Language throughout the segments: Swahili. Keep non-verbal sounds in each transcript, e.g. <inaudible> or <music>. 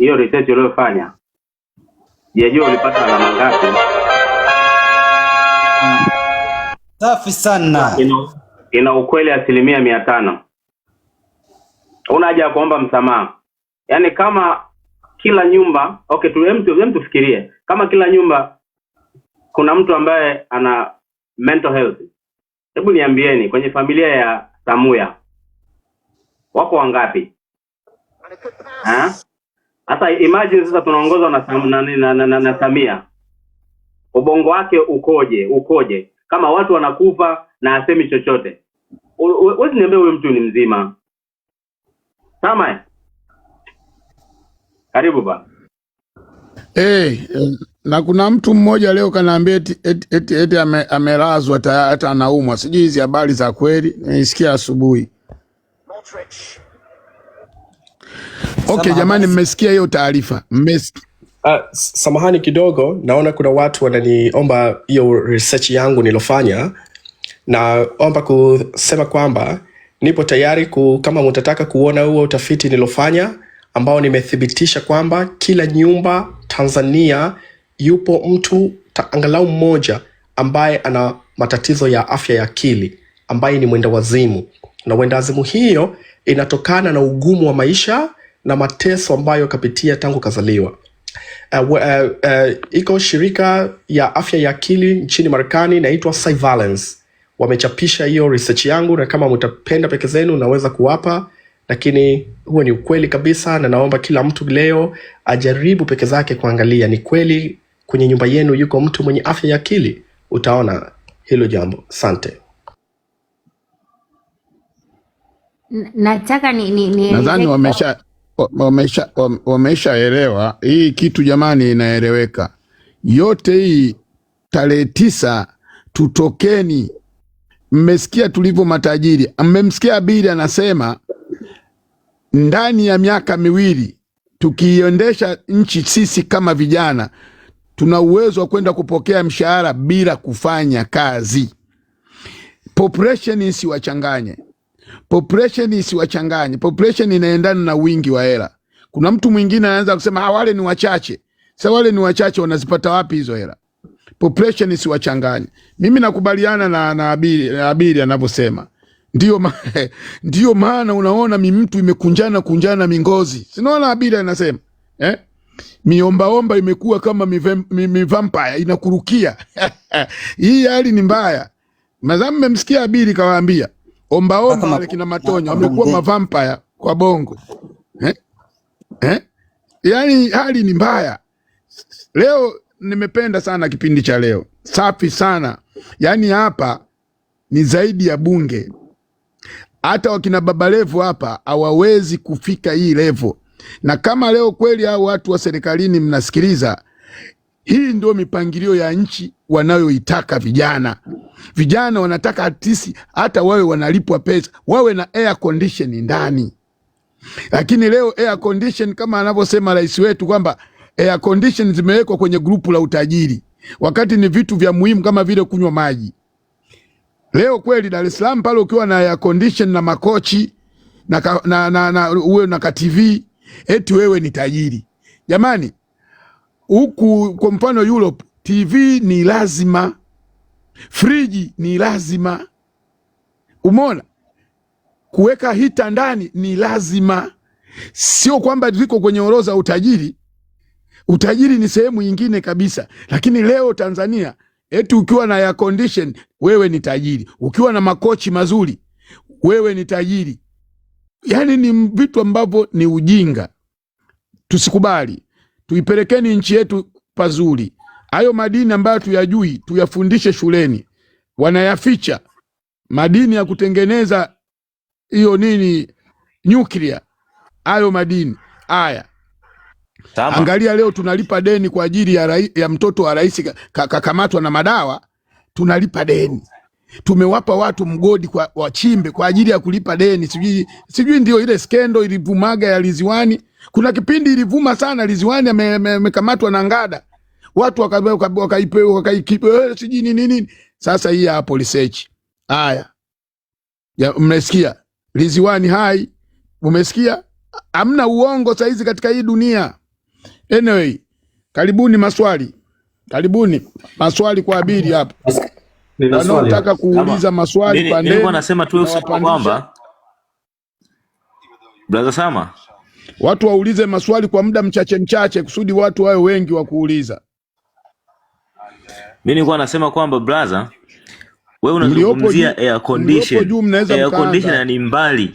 hiyo research uliyofanya, sijajua ulipata alama ngapi. Safi sana. ina ukweli asilimia mia tano. Una haja ya kuomba msamaha. Yaani kama kila nyumba okay, tufikirie kama kila nyumba kuna mtu ambaye ana mental health. Hebu niambieni kwenye familia ya Samuya wako wangapi? Ha? Sasa imagine sasa tunaongozwa na, na, na, na, na, na Samia, ubongo wake ukoje? Ukoje kama watu wanakufa na asemi chochote? wezi niambia huyu mtu ni mzima. Sama, eh? karibu bana. Hey, na kuna mtu mmoja leo kanaambia eti, eti, eti, eti ame, amelazwa hata anaumwa. Sijui hizi habari za kweli, nisikia asubuhi ok jamani, mmesikia hiyo taarifa? Mmesikia? Uh, samahani kidogo, naona kuna watu wananiomba hiyo research yangu nilofanya. Naomba kusema kwamba nipo tayari ku, kama mtataka kuona huo utafiti nilofanya ambao nimethibitisha kwamba kila nyumba Tanzania yupo mtu ta, angalau mmoja ambaye ana matatizo ya afya ya akili ambaye ni mwenda wazimu na huenda azimu hiyo inatokana na ugumu wa maisha na mateso ambayo kapitia tangu kazaliwa. Uh, uh, uh, iko shirika ya afya ya akili nchini Marekani inaitwa Syvalence. Wamechapisha hiyo research yangu, na kama mtapenda peke zenu naweza kuwapa, lakini huo ni ukweli kabisa, na naomba kila mtu leo ajaribu peke zake kuangalia ni kweli kwenye nyumba yenu yuko mtu mwenye afya ya akili. Utaona hilo jambo. Sante. nataka ni, ni, ni nadhani wamesha wameshaelewa wamesha hii kitu jamani, inaeleweka yote hii. Tarehe tisa tutokeni, mmesikia tulivyo matajiri. Mmemsikia Abili anasema ndani ya miaka miwili tukiiendesha nchi sisi kama vijana tuna uwezo wa kwenda kupokea mshahara bila kufanya kazi. Population isiwachanganye. Population isiwachanganye. Population inaendana na wingi wa hela. Kuna mtu mwingine anaanza kusema ah, wale ni wachache. Sasa wale ni wachache, wanazipata wapi hizo hela? Population isiwachanganye. Mimi nakubaliana na na Abiri, na Abiri anavyosema. Ndio ma, <laughs> ndio maana unaona mi mtu imekunjana kunjana mingozi. Sinaona Abiri anasema eh? Miombaomba imekuwa kama mivampire inakurukia. <laughs> Hii hali ni mbaya. mazamu mmemsikia Abiri kawaambia ombaomba wale kina Matonyo wamekuwa mavampire kwa bongo eh? Eh? Yaani hali ni mbaya. Leo nimependa sana kipindi cha leo, safi sana. Yaani hapa ni zaidi ya bunge, hata wakina baba levu hapa hawawezi kufika hii levo. Na kama leo kweli hao watu wa serikalini mnasikiliza, hii ndio mipangilio ya nchi wanayoitaka vijana. Vijana wanataka atisi hata wawe wanalipwa pesa, wawe na air condition ndani. Lakini leo air condition kama anavyosema rais wetu kwamba air condition zimewekwa kwenye grupu la utajiri, wakati ni vitu vya muhimu kama vile kunywa maji. Leo kweli Dar es Salaam pale ukiwa na air condition na makochi na ka, na, na, na, uwe na ka TV eti wewe ni tajiri. Jamani, huku kwa mfano Europe TV ni lazima Friji ni lazima, umeona? Kuweka hita ndani ni lazima, sio kwamba viko kwenye orodha utajiri. Utajiri ni sehemu nyingine kabisa, lakini leo Tanzania eti ukiwa na air condition wewe ni tajiri, ukiwa na makochi mazuri wewe ni tajiri. Yaani ni vitu ambavyo ni ujinga, tusikubali. Tuipelekeni nchi yetu pazuri. Hayo madini ambayo tuyajui tuyafundishe shuleni, wanayaficha madini ya kutengeneza hiyo nini nyuklia, hayo madini haya. Angalia leo tunalipa deni kwa ajili ya, rai, ya mtoto wa rais kakamatwa na madawa, tunalipa deni tumewapa watu mgodi kwa wachimbe kwa ajili ya kulipa deni. Sijui sijui ndio ile skendo ilivumaga ya Liziwani. Kuna kipindi ilivuma sana Liziwani, amekamatwa na Ngada watu wakaipewa wakaikipa eh, sijui nini nini. Sasa hii hapo research haya ya mmesikia Liziwani hai, umesikia amna uongo saizi katika hii dunia. Anyway, karibuni maswali, karibuni maswali kwa abiri hapo wanaotaka kuuliza maswali pandeni. Nilikuwa nasema tu kwamba Brother Sama, watu waulize maswali kwa muda mchache mchache, kusudi watu wawe wengi wa kuuliza. Mimi nilikuwa nasema kwamba brother, wewe unazungumzia air condition. Air condition ni mbali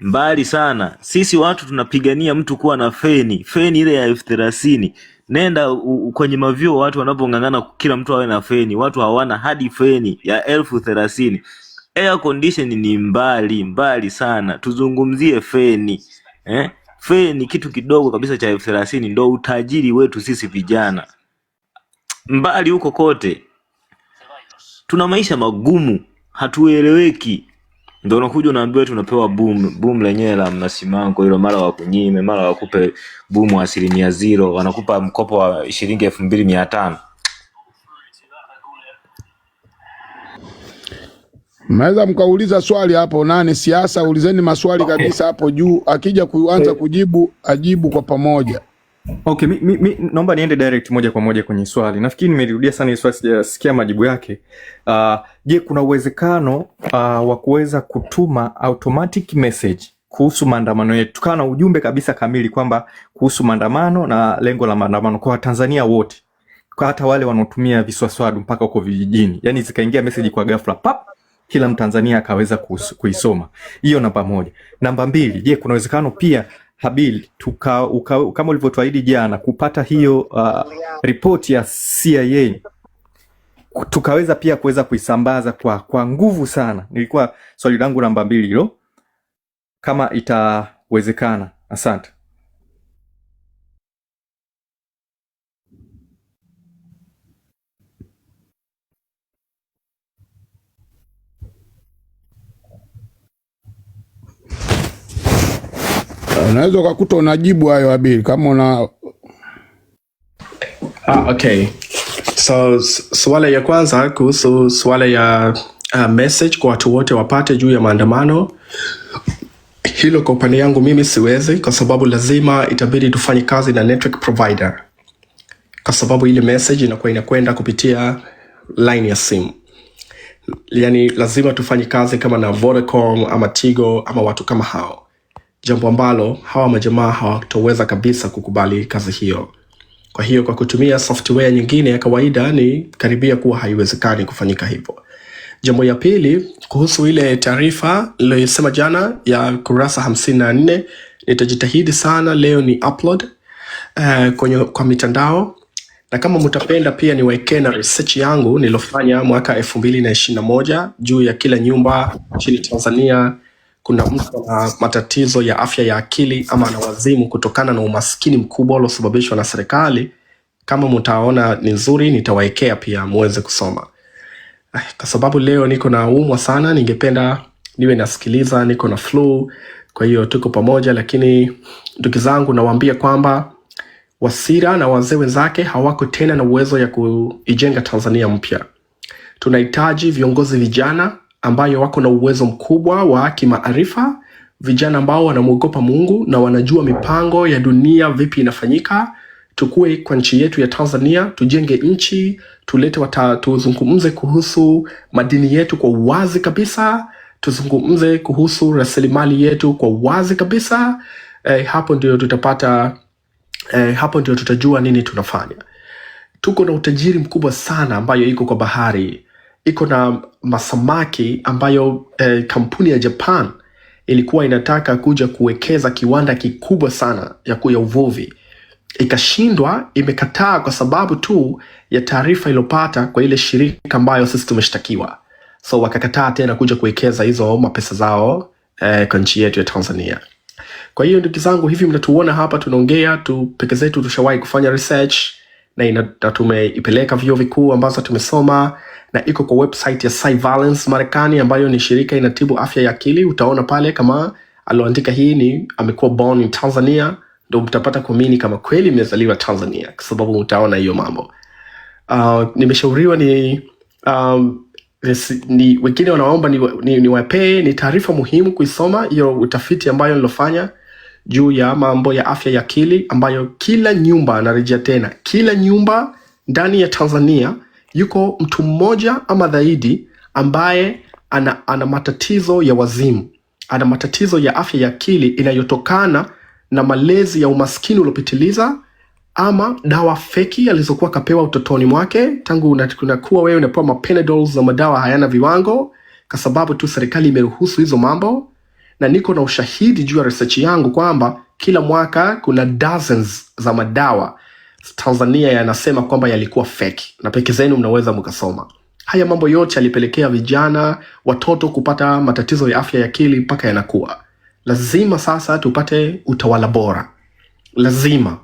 mbali sana. Sisi watu tunapigania mtu kuwa na feni, feni ile ya elfu thelathini. Nenda u, kwenye mavyo watu wanapong'ang'ana kila mtu awe na feni, watu hawana hadi feni ya elfu thelathini. Air condition ni mbali mbali sana, tuzungumzie feni eh? Feni kitu kidogo kabisa cha elfu thelathini, ndo utajiri wetu sisi vijana mbali huko kote, tuna maisha magumu, hatueleweki. Ndio unakuja unaambiwa tunapewa boom. Boom lenyewe la mnasimango hilo, mara wakunyime, mara wakupe boom asilimia zero, wanakupa mkopo wa shilingi elfu mbili mia tano. Mnaweza mkauliza swali hapo, nani siasa? Ulizeni maswali kabisa hapo juu, akija kuanza eh. kujibu ajibu kwa pamoja. Okay, mi, mi, mi naomba niende direct moja kwa moja kwenye swali. Nafikiri nimerudia sana hili swali, sijasikia majibu yake. Uh, je, kuna uwezekano uh, wa kuweza kutuma automatic message kuhusu maandamano yetu, tukawa na ujumbe kabisa kamili kwamba kuhusu maandamano na lengo la maandamano kwa Watanzania wote, kwa hata wale wanaotumia viswaswadu mpaka huko vijijini, yani zikaingia message kwa ghafla pap, kila Mtanzania akaweza kuisoma. Hiyo namba moja. Namba mbili, je, kuna uwezekano pia Habil tuka, uka, kama ulivyotuahidi jana kupata hiyo uh, ripoti ya CIA tukaweza pia kuweza kuisambaza kwa, kwa nguvu sana. Nilikuwa swali langu namba mbili hilo, kama itawezekana. Asante. unaweza ukakuta unajibu hayo Abili kama una ah, okay. So swala ya kwanza kuhusu swala ya uh, message kwa watu wote wapate juu ya maandamano, hilo kwa upande yangu mimi siwezi, kwa sababu lazima itabidi tufanye kazi na network provider, kwa sababu ile message inakuwa inakwenda kupitia line ya simu yani lazima tufanye kazi kama na Vodacom ama Tigo ama watu kama hao jambo ambalo hawa majamaa hawatoweza kabisa kukubali kazi hiyo. Kwa hiyo kwa kutumia software nyingine ya kawaida ni karibia kuwa haiwezekani kufanyika hivyo. Jambo ya pili kuhusu ile taarifa niliyosema jana ya kurasa 54 nitajitahidi sana leo ni upload uh, kwenye, kwa mitandao na kama mtapenda pia niwekee na research yangu nilofanya mwaka 2021 juu ya kila nyumba nchini Tanzania kuna mtu ana matatizo ya afya ya akili ama ana wazimu kutokana na umaskini mkubwa uliosababishwa na serikali, kama mtaona ni nzuri, nitawaekea pia muweze kusoma. Eh, kwa sababu leo niko na umwa sana, ningependa niwe nasikiliza, niko na flu. Kwa hiyo tuko pamoja, lakini ndugu zangu, nawaambia kwamba Wasira na wazee wenzake hawako tena na uwezo ya kuijenga Tanzania mpya. Tunahitaji viongozi vijana ambayo wako na uwezo mkubwa wa kimaarifa, vijana ambao wanamwogopa Mungu na wanajua mipango ya dunia vipi inafanyika. Tukue kwa nchi yetu ya Tanzania, tujenge nchi, tulete wata, tuzungumze kuhusu madini yetu kwa uwazi kabisa, tuzungumze kuhusu rasilimali yetu kwa uwazi kabisa. Eh, hapo ndio tutapata eh, hapo ndio tutajua nini tunafanya. Tuko na utajiri mkubwa sana ambayo iko kwa bahari iko na masamaki ambayo eh, kampuni ya Japan ilikuwa inataka kuja kuwekeza kiwanda kikubwa sana ya kuya uvuvi ikashindwa, imekataa kwa sababu tu ya taarifa iliyopata kwa ile shirika ambayo sisi tumeshtakiwa, so wakakataa tena kuja kuwekeza hizo mapesa zao eh, kwa nchi yetu ya Tanzania. Kwa hiyo ndugu zangu, hivi mnatuona hapa tunaongea tu peke zetu, tushawahi kufanya research na, na tumeipeleka vyuo vikuu ambazo tumesoma na iko kwa website ya Cyvalence Marekani, ambayo ni shirika inatibu afya ya akili. Utaona pale kama aloandika hii ni amekuwa born in Tanzania, ndio mtapata kuamini kama kweli imezaliwa Tanzania, kwa sababu utaona hiyo mambo. Uh, nimeshauriwa ni um, ni wengine wanaomba niwapee ni, ni, ni taarifa muhimu kuisoma hiyo utafiti ambayo nilofanya juu ya mambo ya afya ya akili ambayo kila nyumba, anarejea tena, kila nyumba ndani ya Tanzania yuko mtu mmoja ama zaidi ambaye ana, ana matatizo ya wazimu, ana matatizo ya afya ya akili inayotokana na malezi ya umaskini uliopitiliza ama dawa feki alizokuwa kapewa utotoni mwake. Tangu unakuwa wewe unapewa mapenadol za madawa hayana viwango, kwa sababu tu serikali imeruhusu hizo mambo, na niko na ushahidi juu ya research yangu kwamba kila mwaka kuna dozens za madawa Tanzania yanasema kwamba yalikuwa fake, na peke zenu mnaweza mkasoma. Haya mambo yote yalipelekea vijana watoto kupata matatizo ya afya ya akili mpaka yanakuwa. Lazima sasa tupate utawala bora, lazima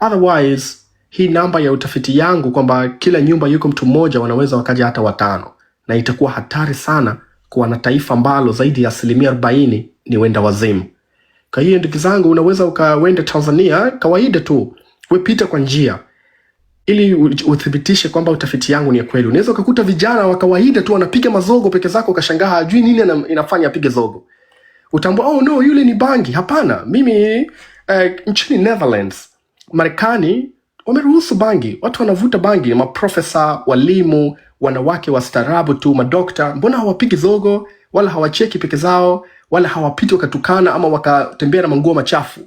otherwise hii namba ya utafiti yangu kwamba kila nyumba yuko mtu mmoja, wanaweza wakaja hata watano, na itakuwa hatari sana kuwa na taifa ambalo zaidi ya asilimia arobaini ni wenda wazimu. Kwa hiyo ndugu zangu, unaweza ukawenda Tanzania kawaida tu wepita kwa njia ili uthibitishe kwamba utafiti yangu ni ya kweli. Unaweza ukakuta vijana wa kawaida tu wanapiga mazogo peke zako, ukashangaa hajui nini inafanya apige zogo. Utambua oh no, yule ni bangi. Hapana, mimi eh, nchini Netherlands, Marekani wameruhusu bangi, watu wanavuta bangi, maprofesa, walimu, wanawake wastaarabu tu, madokta. Mbona hawapigi zogo wala hawacheki peke zao wala hawapiti wakatukana ama wakatembea na manguo machafu?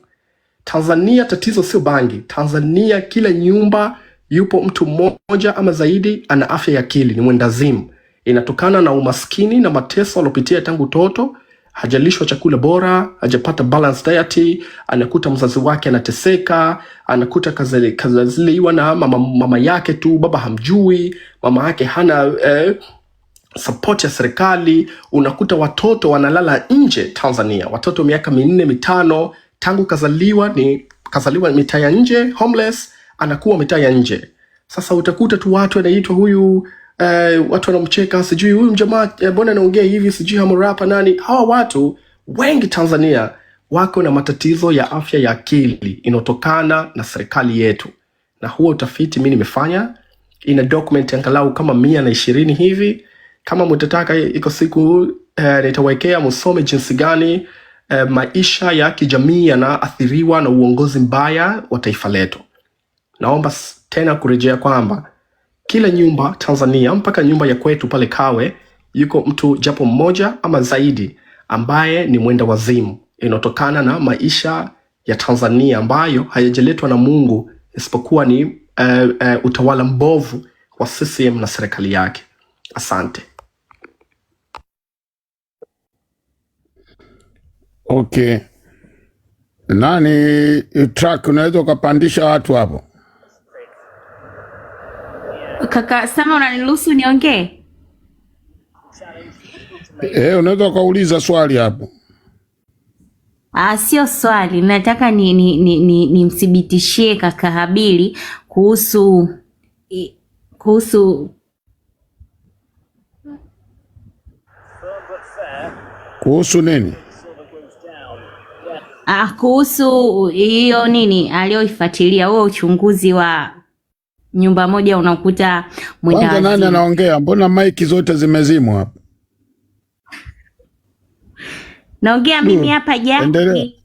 Tanzania tatizo sio bangi. Tanzania kila nyumba yupo mtu mmoja ama zaidi ana afya ya akili, ni mwendazimu. Inatokana na umaskini na mateso alopitia tangu toto, hajalishwa chakula bora, hajapata balanced diet, anakuta mzazi wake anateseka, anakuta kazaliwa na mama, mama yake tu, baba hamjui, mama yake hana eh, support ya serikali. Unakuta watoto wanalala nje Tanzania, watoto miaka minne mitano tangu kazaliwa ni kazaliwa mitaa ya nje homeless, anakuwa mitaa ya nje. Sasa utakuta tu watu anaitwa huyu eh, watu wanamcheka, sijui huyu mjamaa eh, mbona anaongea hivi, sijui hamrapa nani. Hawa watu wengi Tanzania wako na matatizo ya afya ya akili inayotokana na serikali yetu, na huo utafiti mi nimefanya, ina document angalau kama mia na ishirini hivi. Kama mtataka iko siku eh, nitawekea msome jinsi gani eh, maisha ya kijamii yanaathiriwa na uongozi mbaya wa taifa letu. Naomba tena kurejea kwamba kila nyumba Tanzania, mpaka nyumba ya kwetu pale Kawe, yuko mtu japo mmoja ama zaidi ambaye ni mwenda wazimu, inayotokana na maisha ya Tanzania ambayo hayajaletwa na Mungu isipokuwa ni uh, uh, utawala mbovu wa CCM na serikali yake. Asante. Okay. Nani eh, truck unaweza ukapandisha watu hapo? Kaka Sama, unaniruhusu niongee? Eh, unaweza ukauliza swali hapo. Ah, sio swali, nataka nimthibitishie ni, ni, ni, ni kaka Habili kuhusu kuhusu kuhusu nini? Ah, kuhusu hiyo nini aliyoifuatilia huo uchunguzi wa nyumba moja unakuta mwendawazimu. Nani anaongea? Mbona maiki zote zimezimwa hapa? Naongea hmm. mimi hapa Jaki.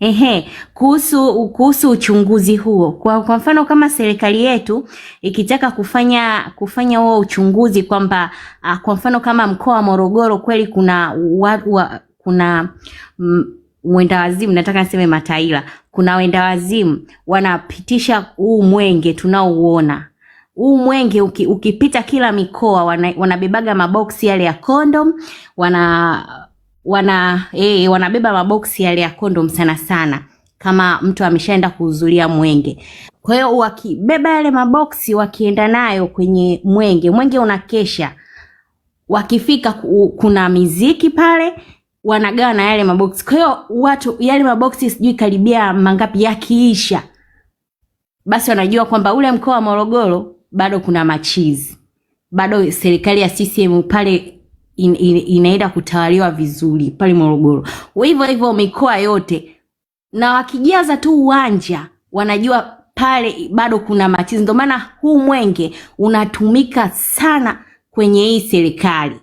Ehe, kuhusu kuhusu uchunguzi huo. Kwa, kwa mfano kama serikali yetu ikitaka kufanya kufanya huo uchunguzi kwamba ah, kwa mfano kama mkoa wa Morogoro kweli kuna wa, wa, kuna mm, mwenda wazimu, nataka niseme mataila, kuna wenda wazimu wanapitisha huu mwenge tunaouona huu mwenge uki, ukipita kila mikoa wana, wanabebaga maboksi yale ya kondom wana wana e, wanabeba maboksi yale ya kondom sana sana, kama mtu ameshaenda kuhudhuria mwenge. Kwa hiyo wakibeba yale maboksi wakienda nayo kwenye mwenge, mwenge unakesha, wakifika kuna miziki pale wanagawa na yale maboksi. Kwa hiyo watu yale maboksi sijui karibia mangapi yakiisha, basi wanajua kwamba ule mkoa wa Morogoro bado kuna machizi, bado serikali ya CCM pale in, in, inaenda kutawaliwa vizuri pale Morogoro. Hivyo hivyo mikoa yote, na wakijaza tu uwanja wanajua pale bado kuna machizi. Ndio maana huu mwenge unatumika sana kwenye hii serikali,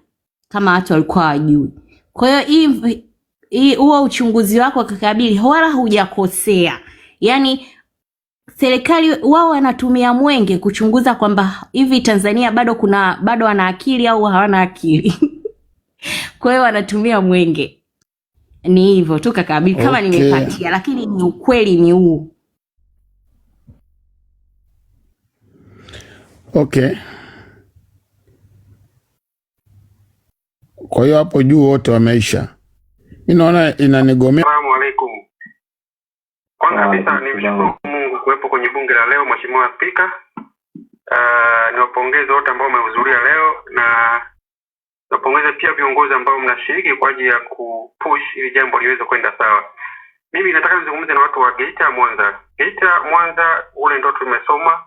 kama watu walikuwa wajui. Kwa hiyo huo uchunguzi wako kakabili wala hujakosea. Yaani serikali wao wanatumia mwenge kuchunguza kwamba hivi Tanzania bado kuna bado wana akili au hawana akili <laughs> kwa hiyo wanatumia mwenge. Ni hivyo tu kakabili kama okay, nimepatia lakini ni ukweli ni huu. Okay. Kwa hiyo hapo juu wote wameisha. Mimi naona inanigomea. Asalamu alaykum. Kwanza kabisa mshukuru Mungu kuwepo kwenye bunge la leo, Mheshimiwa Spika. Uh, niwapongeze wote ambao wamehudhuria leo na napongeza pia viongozi ambao mnashiriki kwa ajili ya kupush ili jambo liweze kwenda sawa. Mimi nataka nizungumze na watu wa Geita Mwanza. Geita Mwanza, ule ndo tumesoma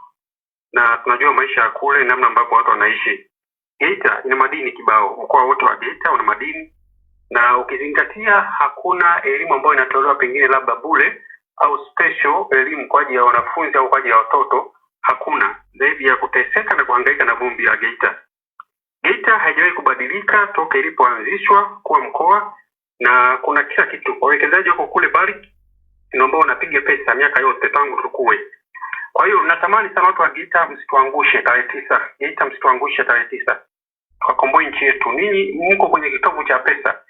na tunajua maisha ya kule, namna ambavyo watu wanaishi. Geita ina madini kibao. Mkoa wote wa Geita una madini, na ukizingatia hakuna elimu ambayo inatolewa pengine labda bure au special elimu kwa ajili ya wanafunzi au kwa ajili ya watoto, hakuna zaidi ya kuteseka na kuhangaika na vumbi la Geita. Geita haijawahi kubadilika toka ilipoanzishwa kuwa mkoa, na kuna kila kitu. Wawekezaji wako kule bali ndio ambao wanapiga pesa miaka yote tangu tukue. Kwa hiyo natamani sana watu wa Geita msituangushe tarehe tisa. Geita msituangushe tarehe tisa wakomboe nchi yetu. Ninyi mko kwenye kitovu cha pesa,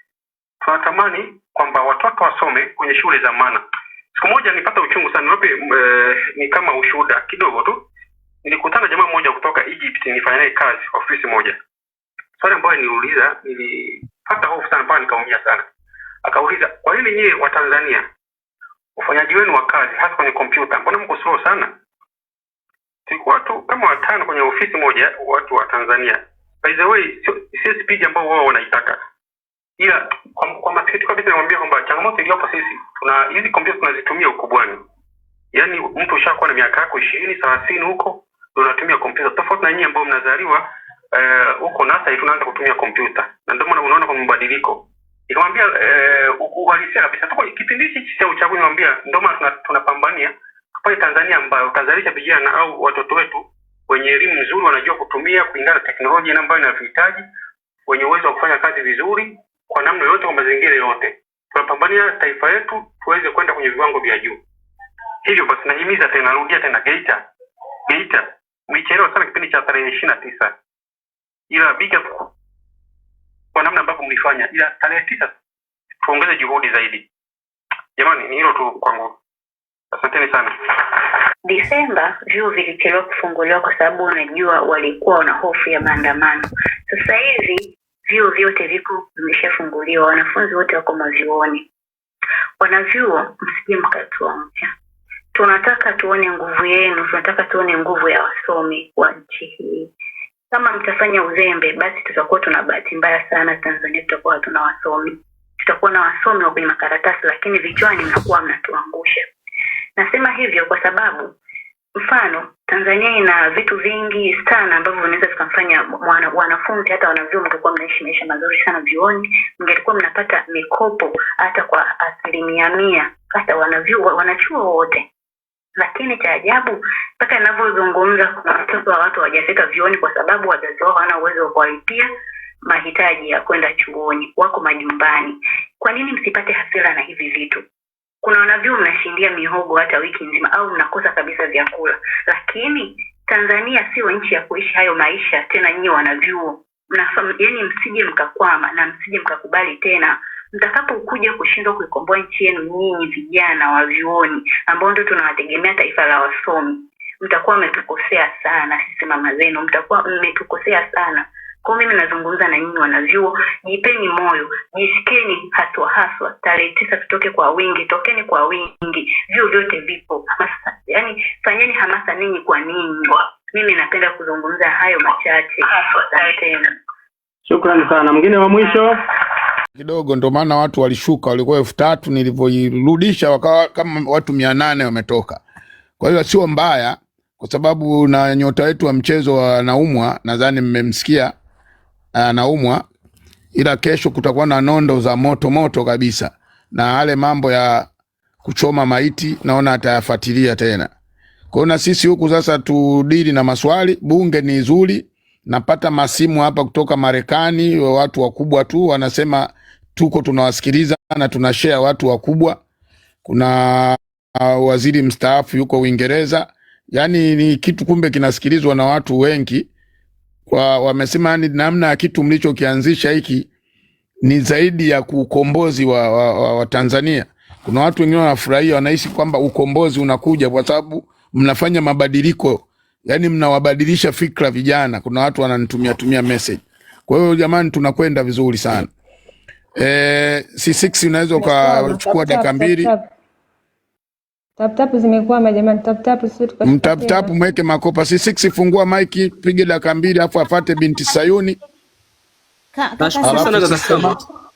tunatamani kwamba watoto wasome kwenye shule za maana. Siku moja nilipata uchungu sana wapi, e, eh, ni kama ushuhuda kidogo tu. Nilikutana jamaa mmoja kutoka Egypt, nilifanya naye kazi ofisi moja. Swali ambayo niliuliza, nilipata hofu sana mpaka nikaumia sana. Akauliza, kwa nini nyie wa Tanzania ufanyaji wenu wa kazi hasa kwenye kompyuta mbona mko slow sana? Tulikuwa tu kama watano kwenye ofisi moja, watu wa Tanzania by the way, sio speed ambayo wao wanaitaka, ila kwa, kwa masikitiko kabisa nimwambia kwamba changamoto iliyopo sisi tuna hizi kompyuta tunazitumia ukubwani, yaani mtu ushakuwa na miaka yako ishirini thelathini huko unatumia kompyuta, tofauti na nyinyi ambao mnazaliwa eh, huko uh, NASA tunaanza kutumia kompyuta, na ndio maana unaona kwa mabadiliko nikamwambia uh, uhalisia kabisa, tuko kipindi hichi cha uchaguzi, nikamwambia ndio maana tunapambania tuna tupate Tanzania ambayo utazalisha vijana au watoto wetu wenye elimu nzuri wanajua kutumia kulingana na teknolojia ambayo inavyohitaji, wenye uwezo wa kufanya kazi vizuri kwa namna yoyote, kwa mazingira yote. Tunapambania taifa letu tuweze kwenda kwenye viwango vya juu. Hivyo basi, nahimiza tena, rudia tena, Geita, Geita mlichelewa sana kipindi cha tarehe ishirini na tisa ila biga kwa namna ambavyo mlifanya, ila tarehe tisa tuongeze juhudi zaidi. Jamani, ni hilo tu kwangu, asanteni sana. Desemba vyuo vilichelewa kufunguliwa kwa sababu unajua walikuwa wana hofu ya maandamano. Sasa hivi vyuo vyote viko vimeshafunguliwa, wanafunzi wote wako mavyuoni. Wanavyuo, msije mkatuacha, tunataka tuone nguvu yenu, tunataka tuone nguvu ya wasomi wa nchi hii. Kama mtafanya uzembe, basi tutakuwa tuna bahati mbaya sana, Tanzania tutakuwa hatuna wasomi. Tutakuwa na wasomi wa kwenye makaratasi, lakini vichwani mnakuwa mnatuangusha. Nasema hivyo kwa sababu mfano Tanzania ina vitu vingi sana ambavyo vinaweza vikamfanya wanafunzi hata wanavyuo mngekuwa mnaishi maisha mazuri sana vyuoni, mngelikuwa mnapata mikopo hata kwa asilimia mia, hata wanavyuo wanachuo wote. Lakini cha ajabu mpaka ninavyozungumza, kuna watoto wa watu hawajafika vyuoni kwa sababu wazazi wao hawana uwezo wa kuwalipia mahitaji ya kwenda chuoni, wako majumbani. Kwa nini msipate hasira na hivi vitu? kuna wanavyu mnashindia mihogo hata wiki nzima au mnakosa kabisa vyakula, lakini Tanzania sio nchi ya kuishi hayo maisha tena. Nyinyi wanavyuo mnafahamu, yani msije mkakwama na msije mkakubali tena mtakapokuja kushindwa kuikomboa nchi yenu, nyinyi vijana wa vyuoni ambao ndio tunawategemea taifa la wasomi, mtakuwa mmetukosea sana sisi mama zenu, mtakuwa mmetukosea sana. Kwa mimi nazungumza na nyinyi wanavyuo, jipeni moyo, jisikeni haswa haswa. Tarehe tisa tutoke kwa wingi, tokeni kwa wingi, vyuo vyote vipo. yani fanyeni hamasa ninyi kwa ninyi. Mimi napenda kuzungumza hayo machache. Eh. Asanteni, shukrani sana. Mwingine wa mwisho kidogo, ndo maana watu walishuka, walikuwa elfu tatu nilivyoirudisha wakawa kama watu mia nane wametoka. Kwa hiyo sio mbaya, kwa sababu na nyota wetu wa mchezo wanaumwa, nadhani mmemsikia anaumwa, ah, ila kesho kutakuwa na nondo za moto moto kabisa, na yale mambo ya kuchoma maiti naona atayafuatilia tena. Kwa hiyo sisi huku sasa tudili na maswali. Bunge ni zuri, napata masimu hapa kutoka Marekani, watu wakubwa tu wanasema tuko tunawasikiliza na tunashare watu wakubwa. Kuna ah, waziri mstaafu yuko Uingereza, yani ni kitu kumbe kinasikilizwa na watu wengi wamesema ni namna ya kitu mlichokianzisha hiki ni zaidi ya ukombozi wa, wa, wa, wa Tanzania. Kuna watu wengine wanafurahia, wanahisi kwamba ukombozi unakuja kwa sababu mnafanya mabadiliko, yani mnawabadilisha fikra vijana. Kuna watu wananitumia tumia message. Kwa hiyo jamani, tunakwenda vizuri sana. E, eh, C6 unaweza ukachukua dakika mbili. Taptapu zimekuwa majamani, taptapu mm, tap tap mtap mweke makopa si six, fungua maiki pige dakika mbili, afu afate binti Sayuni. Nashukuru sana kaka Salma.